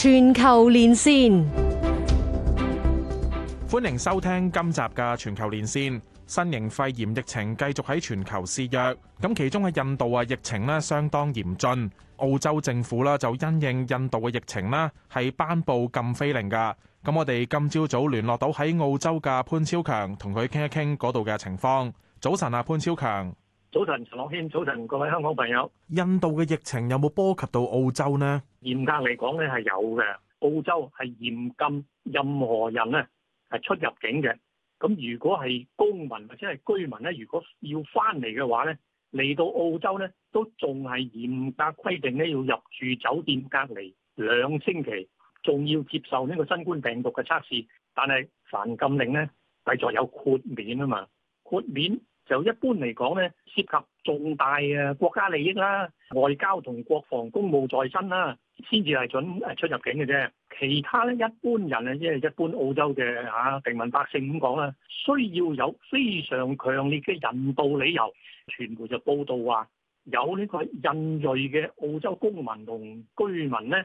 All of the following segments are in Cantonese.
全球連線，歡迎收聽今集嘅全球連線。新型肺炎疫情繼續喺全球肆虐，咁其中嘅印度啊，疫情呢相當嚴峻。澳洲政府啦就因應印度嘅疫情呢係頒布禁飛令㗎。咁我哋今朝早聯絡到喺澳洲嘅潘昭強，同佢傾一傾嗰度嘅情況。早晨啊，潘昭強。早晨，陳樂謙，早晨，各位香港朋友。印度嘅疫情有冇波及到澳洲呢？嚴格嚟講呢係有嘅。澳洲係嚴禁任何人呢係出入境嘅。咁如果係公民或者係居民呢，如果要翻嚟嘅話呢，嚟到澳洲呢都仲係嚴格規定呢，要入住酒店隔離兩星期，仲要接受呢個新冠病毒嘅測試。但係凡禁令呢，繼續有豁免啊嘛，豁免。就一般嚟講呢，涉及重大嘅國家利益啦、外交同國防公務在身啦，先至係準誒出入境嘅啫。其他呢，一般人咧，即係一般澳洲嘅嚇、啊、平民百姓咁講啦，需要有非常強烈嘅人道理由。傳媒就報道話，有呢個印裔嘅澳洲公民同居民呢，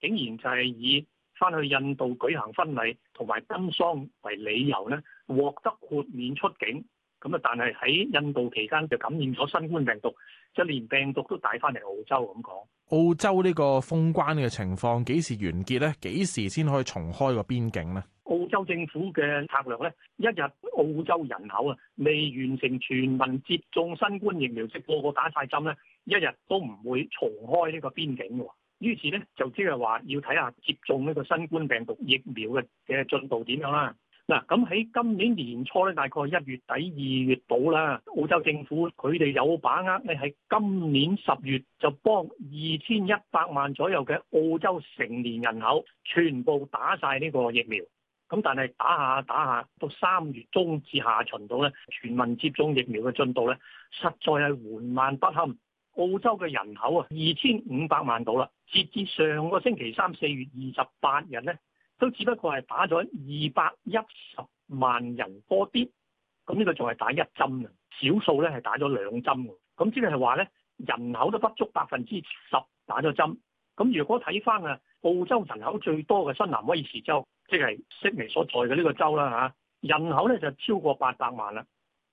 竟然就係以翻去印度舉行婚禮同埋奔喪為理由呢，獲得豁免出境。咁啊！但係喺印度期間就感染咗新冠病毒，即係連病毒都帶翻嚟澳洲咁講。澳洲呢個封關嘅情況幾時完結呢？幾時先可以重開個邊境呢？澳洲政府嘅策略呢，一日澳洲人口啊未完成全民接種新冠疫苗，即係個個打晒針呢，一日都唔會重開呢個邊境嘅。於是呢，就即係話要睇下接種呢個新冠病毒疫苗嘅嘅進度點樣啦。嗱，咁喺今年年初咧，大概一月底二月到啦。澳洲政府佢哋有把握咧，喺今年十月就幫二千一百萬左右嘅澳洲成年人口全部打晒呢個疫苗。咁但係打下打下，到三月中至下旬度咧，全民接種疫苗嘅進度咧，實在係緩慢不堪。澳洲嘅人口啊，二千五百萬到啦，截至上個星期三，四月二十八日咧。都只不過係打咗二百一十萬人多啲，咁呢個仲係打一針啊，少數咧係打咗兩針嘅，咁即係話咧人口都不足百分之十打咗針，咁如果睇翻啊澳洲人口最多嘅新南威爾士州，即係悉尼所在嘅呢個州啦嚇，人口咧就超過八百萬啦，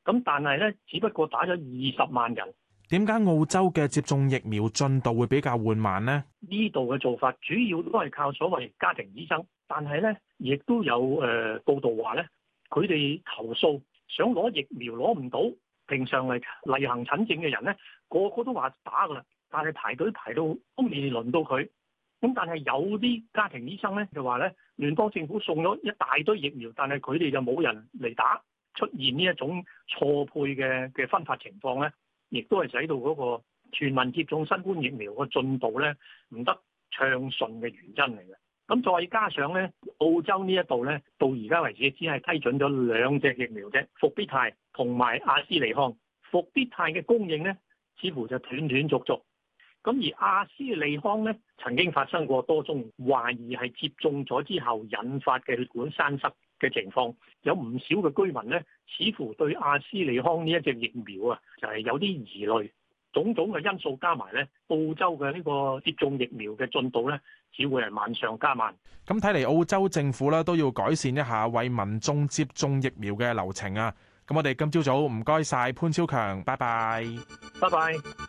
咁但係咧只不過打咗二十萬人。點解澳洲嘅接種疫苗進度會比較緩慢呢？呢度嘅做法主要都係靠所謂家庭醫生，但係呢亦都有誒、呃、報道話呢，佢哋投訴想攞疫苗攞唔到，平常嚟例行診症嘅人呢，個個都話打噶啦，但係排隊排到都未輪到佢。咁但係有啲家庭醫生呢，就話呢聯邦政府送咗一大堆疫苗，但係佢哋就冇人嚟打，出現呢一種錯配嘅嘅分發情況呢。亦都係使到嗰個全民接種新冠疫苗嘅進步咧，唔得暢順嘅原因嚟嘅。咁再加上咧，澳洲呢一度咧，到而家為止只係批准咗兩隻疫苗啫，伏必泰同埋阿斯利康。伏必泰嘅供應咧，似乎就斷斷續續。咁而阿斯利康咧，曾經發生過多宗懷疑係接種咗之後引發嘅血管栓塞。嘅情況有唔少嘅居民呢，似乎對阿斯利康呢一隻疫苗啊，就係有啲疑慮。種種嘅因素加埋呢，澳洲嘅呢個接種疫苗嘅進度呢，只會係慢上加慢。咁睇嚟，澳洲政府呢，都要改善一下為民眾接種疫苗嘅流程啊。咁我哋今朝早唔該晒潘昭強，拜拜，拜拜。